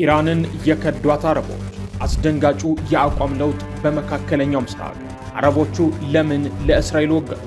ኢራንን የከዷት አረቦች፣ አስደንጋጩ የአቋም ለውጥ በመካከለኛው ምስራቅ፣ አረቦቹ ለምን ለእስራኤል ወገኑ?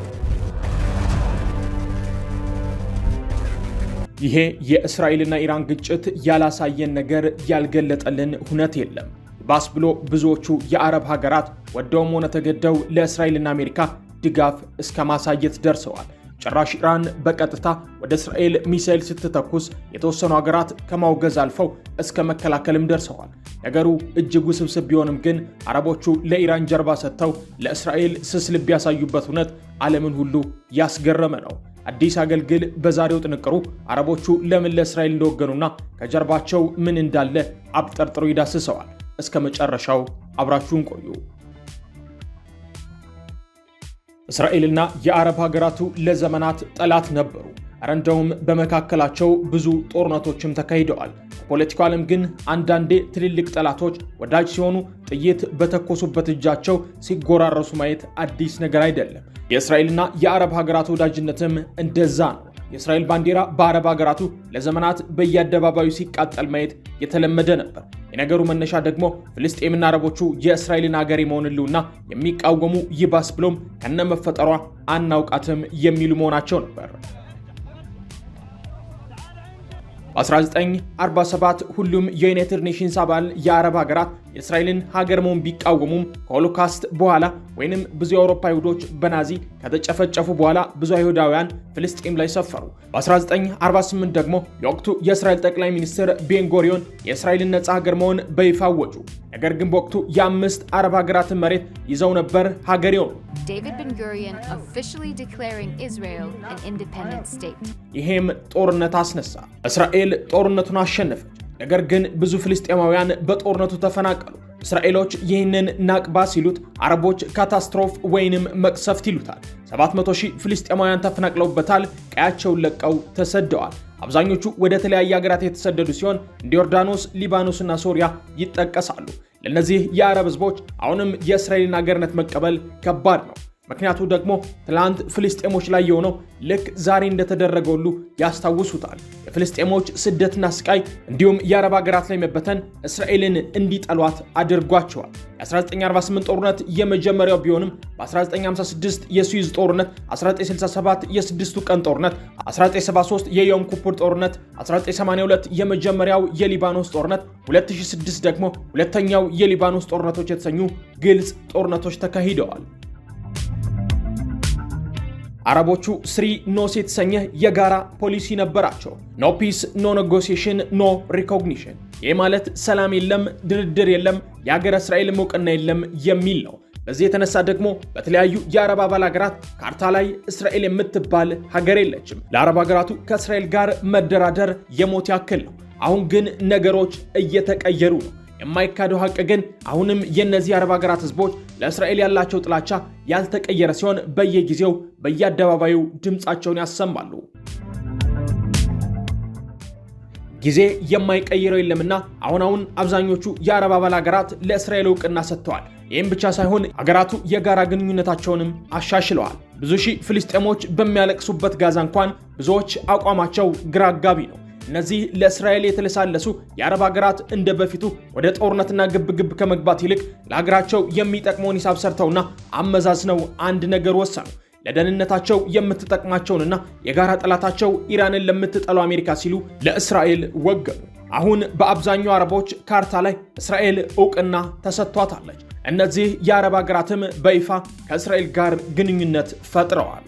ይሄ የእስራኤልና ኢራን ግጭት ያላሳየን ነገር ያልገለጠልን ሁነት የለም። ባስ ብሎ ብዙዎቹ የአረብ ሀገራት ወደውም ሆነ ተገደው ለእስራኤልና አሜሪካ ድጋፍ እስከ ማሳየት ደርሰዋል። ጭራሽ ኢራን በቀጥታ ወደ እስራኤል ሚሳኤል ስትተኩስ የተወሰኑ ሀገራት ከማውገዝ አልፈው እስከ መከላከልም ደርሰዋል። ነገሩ እጅግ ውስብስብ ቢሆንም ግን አረቦቹ ለኢራን ጀርባ ሰጥተው ለእስራኤል ስስ ልብ ያሳዩበት እውነት ዓለምን ሁሉ ያስገረመ ነው። አዲስ አገልግል በዛሬው ጥንቅሩ አረቦቹ ለምን ለእስራኤል እንደወገኑና ከጀርባቸው ምን እንዳለ አብጠርጥሮ ይዳስሰዋል። እስከ መጨረሻው አብራችሁን ቆዩ። እስራኤልና የአረብ ሀገራቱ ለዘመናት ጠላት ነበሩ። እረ እንደውም በመካከላቸው ብዙ ጦርነቶችም ተካሂደዋል። በፖለቲካው ዓለም ግን አንዳንዴ ትልልቅ ጠላቶች ወዳጅ ሲሆኑ፣ ጥይት በተኮሱበት እጃቸው ሲጎራረሱ ማየት አዲስ ነገር አይደለም። የእስራኤልና የአረብ ሀገራቱ ወዳጅነትም እንደዛ ነው። የእስራኤል ባንዲራ በአረብ ሀገራቱ ለዘመናት በየአደባባዩ ሲቃጠል ማየት የተለመደ ነበር። የነገሩ መነሻ ደግሞ ፍልስጤምና አረቦቹ የእስራኤልን አገር የመሆን ህልውና የሚቃወሙ ይባስ ብሎም ከነመፈጠሯ አናውቃትም የሚሉ መሆናቸው ነበር። በ1947 ሁሉም የዩናይትድ ኔሽንስ አባል የአረብ ሀገራት የእስራኤልን ሀገር መሆን ቢቃወሙም ከሆሎካስት በኋላ ወይንም ብዙ የአውሮፓ አይሁዶች በናዚ ከተጨፈጨፉ በኋላ ብዙ አይሁዳውያን ፍልስጤም ላይ ሰፈሩ። በ1948 ደግሞ የወቅቱ የእስራኤል ጠቅላይ ሚኒስትር ቤንጎሪዮን የእስራኤልን ነፃ ሀገር መሆን በይፋ አወጁ። ነገር ግን በወቅቱ የአምስት አረብ ሀገራትን መሬት ይዘው ነበር ሀገር የሆኑ ይሄም ጦርነት አስነሳ። እስራኤል ጦርነቱን አሸነፈች። ነገር ግን ብዙ ፍልስጤማውያን በጦርነቱ ተፈናቀሉ። እስራኤሎች ይህንን ናቅባ ሲሉት አረቦች ካታስትሮፍ ወይንም መቅሰፍት ይሉታል። 700 ሺህ ፍልስጤማውያን ተፈናቅለውበታል። ቀያቸውን ለቀው ተሰደዋል። አብዛኞቹ ወደ ተለያየ ሀገራት የተሰደዱ ሲሆን እንደ ዮርዳኖስ፣ ሊባኖስና ሶሪያ ይጠቀሳሉ። ለእነዚህ የአረብ ህዝቦች አሁንም የእስራኤልን አገርነት መቀበል ከባድ ነው። ምክንያቱ ደግሞ ትላንት ፍልስጤሞች ላይ የሆነው ልክ ዛሬ እንደተደረገ ሁሉ ያስታውሱታል። የፍልስጤሞች ስደትና ስቃይ እንዲሁም የአረብ ሀገራት ላይ መበተን እስራኤልን እንዲጠሏት አድርጓቸዋል። የ1948 ጦርነት የመጀመሪያው ቢሆንም በ1956 የስዊዝ ጦርነት፣ 1967 የስድስቱ ቀን ጦርነት፣ 1973 የዮም ኩፑር ጦርነት፣ 1982 የመጀመሪያው የሊባኖስ ጦርነት፣ 2006 ደግሞ ሁለተኛው የሊባኖስ ጦርነቶች የተሰኙ ግልጽ ጦርነቶች ተካሂደዋል። አረቦቹ ስሪ ኖስ የተሰኘ የጋራ ፖሊሲ ነበራቸው። ኖ ፒስ፣ ኖ ኔጎሲሽን ኖ ሪኮግኒሽን። ይህ ማለት ሰላም የለም፣ ድርድር የለም፣ የሀገረ እስራኤል እውቅና የለም የሚል ነው። በዚህ የተነሳ ደግሞ በተለያዩ የአረብ አባል ሀገራት ካርታ ላይ እስራኤል የምትባል ሀገር የለችም። ለአረብ ሀገራቱ ከእስራኤል ጋር መደራደር የሞት ያክል ነው። አሁን ግን ነገሮች እየተቀየሩ ነው። የማይካደው ሀቅ ግን አሁንም የእነዚህ አረብ ሀገራት ህዝቦች ለእስራኤል ያላቸው ጥላቻ ያልተቀየረ ሲሆን በየጊዜው በየአደባባዩ ድምፃቸውን ያሰማሉ። ጊዜ የማይቀይረው የለምና አሁን አሁን አብዛኞቹ የአረብ አባል ሀገራት ለእስራኤል እውቅና ሰጥተዋል። ይህም ብቻ ሳይሆን አገራቱ የጋራ ግንኙነታቸውንም አሻሽለዋል። ብዙ ሺህ ፍልስጤሞች በሚያለቅሱበት ጋዛ እንኳን ብዙዎች አቋማቸው ግራ አጋቢ ነው። እነዚህ ለእስራኤል የተለሳለሱ የአረብ ሀገራት እንደ በፊቱ ወደ ጦርነትና ግብግብ ከመግባት ይልቅ ለሀገራቸው የሚጠቅመውን ሂሳብ ሰርተውና አመዛዝነው አንድ ነገር ወሰኑ። ለደህንነታቸው የምትጠቅማቸውንና የጋራ ጠላታቸው ኢራንን ለምትጠሉ አሜሪካ ሲሉ ለእስራኤል ወገኑ። አሁን በአብዛኛው አረቦች ካርታ ላይ እስራኤል እውቅና ተሰጥቷታለች። እነዚህ የአረብ ሀገራትም በይፋ ከእስራኤል ጋር ግንኙነት ፈጥረዋል።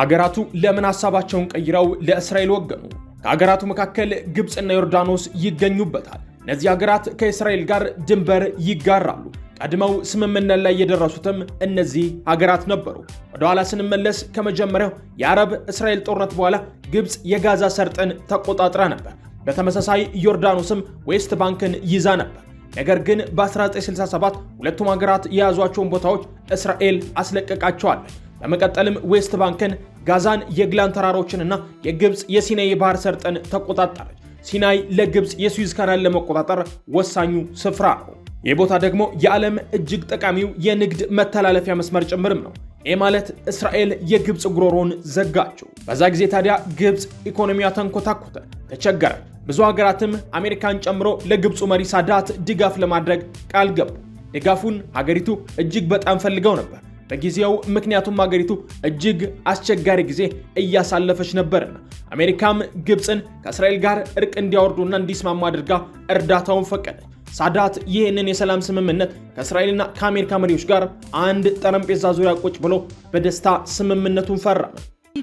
ሀገራቱ ለምን ሀሳባቸውን ቀይረው ለእስራኤል ወገኑ? ከሀገራቱ መካከል ግብፅና ዮርዳኖስ ይገኙበታል። እነዚህ ሀገራት ከእስራኤል ጋር ድንበር ይጋራሉ። ቀድመው ስምምነት ላይ የደረሱትም እነዚህ ሀገራት ነበሩ። ወደ ኋላ ስንመለስ ከመጀመሪያው የአረብ እስራኤል ጦርነት በኋላ ግብፅ የጋዛ ሰርጥን ተቆጣጥራ ነበር። በተመሳሳይ ዮርዳኖስም ዌስት ባንክን ይዛ ነበር። ነገር ግን በ1967 ሁለቱም ሀገራት የያዟቸውን ቦታዎች እስራኤል አስለቀቃቸዋለች። በመቀጠልም ዌስት ባንክን፣ ጋዛን፣ የግላን ተራሮችንና የግብፅ የሲናይ ባህር ሰርጥን ተቆጣጠረች። ሲናይ ለግብፅ የሱዊዝ ካናል ለመቆጣጠር ወሳኙ ስፍራ ነው። ይህ ቦታ ደግሞ የዓለም እጅግ ጠቃሚው የንግድ መተላለፊያ መስመር ጭምርም ነው። ይህ ማለት እስራኤል የግብፅ ጉሮሮን ዘጋቸው። በዛ ጊዜ ታዲያ ግብፅ ኢኮኖሚዋ ተንኮታኮተ፣ ተቸገረ። ብዙ ሀገራትም አሜሪካን ጨምሮ ለግብፁ መሪ ሳዳት ድጋፍ ለማድረግ ቃል ገቡ። ድጋፉን ሀገሪቱ እጅግ በጣም ፈልገው ነበር። በጊዜው ምክንያቱም አገሪቱ እጅግ አስቸጋሪ ጊዜ እያሳለፈች ነበርና አሜሪካም ግብፅን ከእስራኤል ጋር እርቅ እንዲያወርዱና እንዲስማሙ አድርጋ እርዳታውን ፈቀደች። ሳዳት ይህንን የሰላም ስምምነት ከእስራኤልና ከአሜሪካ መሪዎች ጋር አንድ ጠረጴዛ ዙሪያ ቁጭ ብሎ በደስታ ስምምነቱን ፈረመ።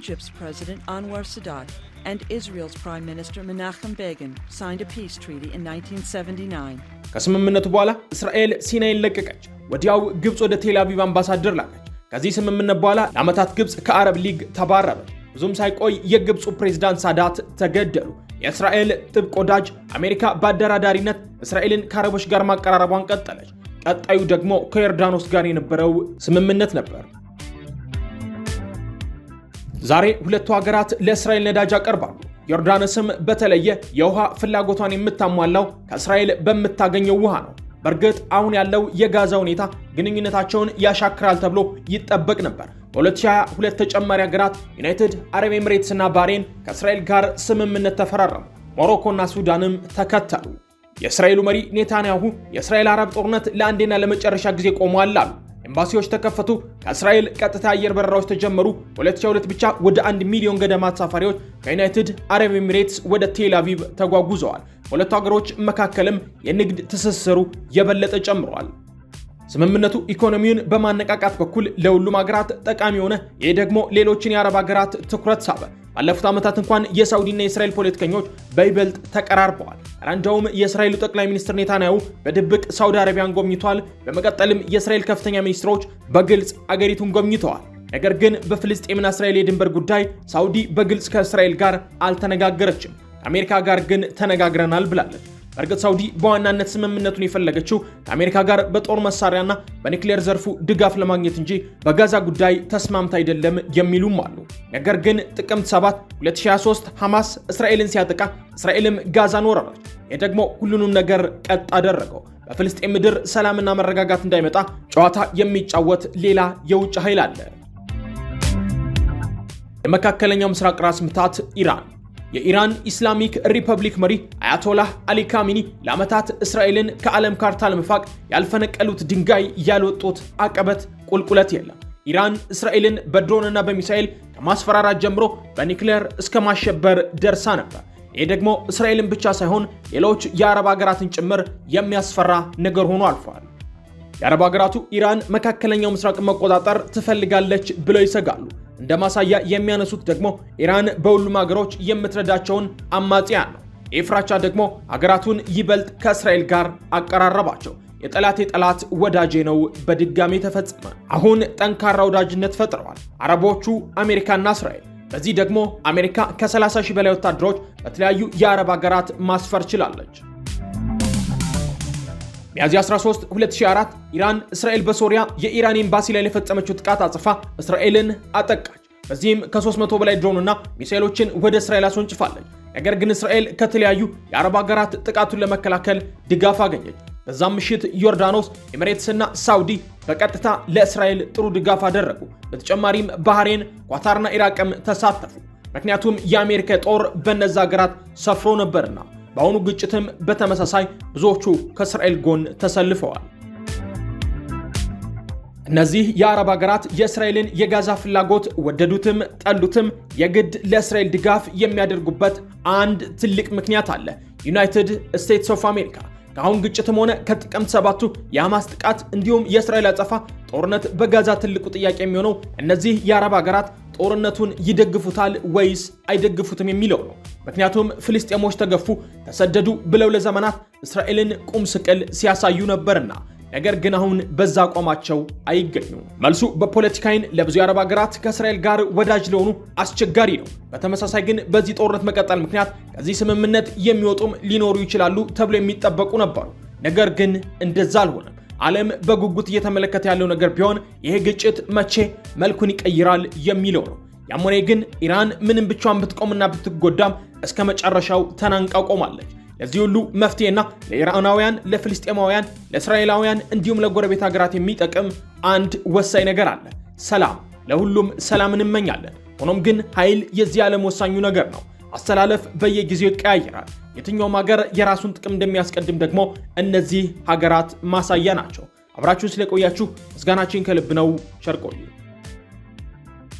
Egypt's president Anwar Sadat and Israel's prime minister Menachem Begin signed a peace treaty in 1979. ከስምምነቱ በኋላ እስራኤል ሲናይን ለቀቀች። ወዲያው ግብፅ ወደ ቴል አቪቭ አምባሳደር ላከች። ከዚህ ስምምነት በኋላ ለዓመታት ግብፅ ከአረብ ሊግ ተባረረ። ብዙም ሳይቆይ የግብፁ ፕሬዝዳንት ሳዳት ተገደሉ። የእስራኤል ጥብቅ ወዳጅ አሜሪካ በአደራዳሪነት እስራኤልን ከአረቦች ጋር ማቀራረቧን ቀጠለች። ቀጣዩ ደግሞ ከዮርዳኖስ ጋር የነበረው ስምምነት ነበር። ዛሬ ሁለቱ ሀገራት ለእስራኤል ነዳጅ ያቀርባሉ። ዮርዳኖስም በተለየ የውሃ ፍላጎቷን የምታሟላው ከእስራኤል በምታገኘው ውሃ ነው። በእርግጥ አሁን ያለው የጋዛ ሁኔታ ግንኙነታቸውን ያሻክራል ተብሎ ይጠበቅ ነበር። በ2022 ተጨማሪ ሀገራት ዩናይትድ አረብ ኤምሬትስ ባሬን ከእስራኤል ጋር ስምምነት ተፈራረሙ። ሞሮኮና ሱዳንም ተከተሉ። የእስራኤሉ መሪ ኔታንያሁ የእስራኤል አረብ ጦርነት ለአንዴና ለመጨረሻ ጊዜ ቆሟል አሉ። ኤምባሲዎች ተከፈቱ። ከእስራኤል ቀጥታ አየር በረራዎች ተጀመሩ። 2022 ብቻ ወደ 1 ሚሊዮን ገደማ ተሳፋሪዎች ከዩናይትድ አረብ ኤምሬትስ ወደ ቴል አቪቭ ተጓጉዘዋል። በሁለቱ ሀገሮች መካከልም የንግድ ትስስሩ የበለጠ ጨምሯል። ስምምነቱ ኢኮኖሚውን በማነቃቃት በኩል ለሁሉም ሀገራት ጠቃሚ የሆነ ይህ ደግሞ ሌሎችን የአረብ ሀገራት ትኩረት ሳበ። ባለፉት ዓመታት እንኳን የሳውዲና የእስራኤል ፖለቲከኞች በይበልጥ ተቀራርበዋል። እንዲያውም የእስራኤሉ ጠቅላይ ሚኒስትር ኔታንያሁ በድብቅ ሳውዲ አረቢያን ጎብኝቷል። በመቀጠልም የእስራኤል ከፍተኛ ሚኒስትሮች በግልጽ አገሪቱን ጎብኝተዋል። ነገር ግን በፍልስጤምና እስራኤል የድንበር ጉዳይ ሳውዲ በግልጽ ከእስራኤል ጋር አልተነጋገረችም። ከአሜሪካ ጋር ግን ተነጋግረናል ብላለች። በእርግጥ ሳውዲ በዋናነት ስምምነቱን የፈለገችው ከአሜሪካ ጋር በጦር መሳሪያና በኒክሌር ዘርፉ ድጋፍ ለማግኘት እንጂ በጋዛ ጉዳይ ተስማምት አይደለም የሚሉም አሉ። ነገር ግን ጥቅምት 7 2023 ሐማስ እስራኤልን ሲያጠቃ እስራኤልም ጋዛን ወረረች። ይህ ደግሞ ሁሉንም ነገር ቀጥ አደረገው። በፍልስጤም ምድር ሰላምና መረጋጋት እንዳይመጣ ጨዋታ የሚጫወት ሌላ የውጭ ኃይል አለ። የመካከለኛው ምስራቅ ራስ ምታት ኢራን የኢራን ኢስላሚክ ሪፐብሊክ መሪ አያቶላህ አሊ ካሚኒ ለዓመታት እስራኤልን ከዓለም ካርታ ለመፋቅ ያልፈነቀሉት ድንጋይ ያልወጡት አቀበት ቁልቁለት የለም። ኢራን እስራኤልን በድሮንና በሚሳኤል ከማስፈራራት ጀምሮ በኒክሌር እስከ ማሸበር ደርሳ ነበር። ይህ ደግሞ እስራኤልን ብቻ ሳይሆን ሌሎች የአረብ ሀገራትን ጭምር የሚያስፈራ ነገር ሆኖ አልፏል። የአረብ ሀገራቱ ኢራን መካከለኛው ምስራቅ መቆጣጠር ትፈልጋለች ብለው ይሰጋሉ። እንደ ማሳያ የሚያነሱት ደግሞ ኢራን በሁሉም ሀገሮች የምትረዳቸውን አማጽያን ነው። ኤፍራቻ ደግሞ አገራቱን ይበልጥ ከእስራኤል ጋር አቀራረባቸው። የጠላቴ ጠላት ወዳጄ ነው በድጋሚ ተፈጸመ። አሁን ጠንካራ ወዳጅነት ፈጥረዋል አረቦቹ አሜሪካና እስራኤል። በዚህ ደግሞ አሜሪካ ከ30 ሺህ በላይ ወታደሮች በተለያዩ የአረብ ሀገራት ማስፈር ችላለች። ሚያዝያ 13 2004 ኢራን እስራኤል በሶሪያ የኢራን ኤምባሲ ላይ ለፈጸመችው ጥቃት አጽፋ እስራኤልን አጠቃች። በዚህም ከ300 በላይ ድሮንና ሚሳኤሎችን ወደ እስራኤል አስወንጭፋለች። ነገር ግን እስራኤል ከተለያዩ የአረብ ሀገራት ጥቃቱን ለመከላከል ድጋፍ አገኘች። በዛም ምሽት ዮርዳኖስ፣ ኤምሬትስና ሳውዲ በቀጥታ ለእስራኤል ጥሩ ድጋፍ አደረጉ። በተጨማሪም ባህሬን፣ ኳታርና ኢራቅም ተሳተፉ። ምክንያቱም የአሜሪካ ጦር በነዛ ሀገራት ሰፍሮ ነበርና። በአሁኑ ግጭትም በተመሳሳይ ብዙዎቹ ከእስራኤል ጎን ተሰልፈዋል። እነዚህ የአረብ ሀገራት የእስራኤልን የጋዛ ፍላጎት ወደዱትም ጠሉትም የግድ ለእስራኤል ድጋፍ የሚያደርጉበት አንድ ትልቅ ምክንያት አለ። ዩናይትድ ስቴትስ ኦፍ አሜሪካ ከአሁን ግጭትም ሆነ ከጥቅምት ሰባቱ የሐማስ ጥቃት እንዲሁም የእስራኤል አጸፋ ጦርነት በጋዛ ትልቁ ጥያቄ የሚሆነው እነዚህ የአረብ ሀገራት ጦርነቱን ይደግፉታል ወይስ አይደግፉትም የሚለው ነው። ምክንያቱም ፍልስጤሞች ተገፉ፣ ተሰደዱ ብለው ለዘመናት እስራኤልን ቁም ስቅል ሲያሳዩ ነበርና። ነገር ግን አሁን በዛ አቋማቸው አይገኙም። መልሱ በፖለቲካ አይን ለብዙ የአረብ ሀገራት ከእስራኤል ጋር ወዳጅ ለሆኑ አስቸጋሪ ነው። በተመሳሳይ ግን በዚህ ጦርነት መቀጠል ምክንያት ከዚህ ስምምነት የሚወጡም ሊኖሩ ይችላሉ ተብሎ የሚጠበቁ ነበሩ። ነገር ግን እንደዛ አልሆነም። ዓለም በጉጉት እየተመለከተ ያለው ነገር ቢሆን ይሄ ግጭት መቼ መልኩን ይቀይራል የሚለው ነው። ያም ሆነ ግን ኢራን ምንም ብቻዋን ብትቆምና ብትጎዳም እስከ መጨረሻው ተናንቃ ቆማለች። ለዚህ ሁሉ መፍትሄና ለኢራናውያን፣ ለፍልስጤማውያን፣ ለእስራኤላውያን እንዲሁም ለጎረቤት ሀገራት የሚጠቅም አንድ ወሳኝ ነገር አለ። ሰላም። ለሁሉም ሰላም እንመኛለን። ሆኖም ግን ኃይል የዚህ ዓለም ወሳኙ ነገር ነው። አስተላለፍ በየጊዜው ይቀያየራል። የትኛውም ሀገር የራሱን ጥቅም እንደሚያስቀድም ደግሞ እነዚህ ሀገራት ማሳያ ናቸው። አብራችሁን ስለቆያችሁ ምስጋናችን ከልብ ነው። ቸር ቆዩ።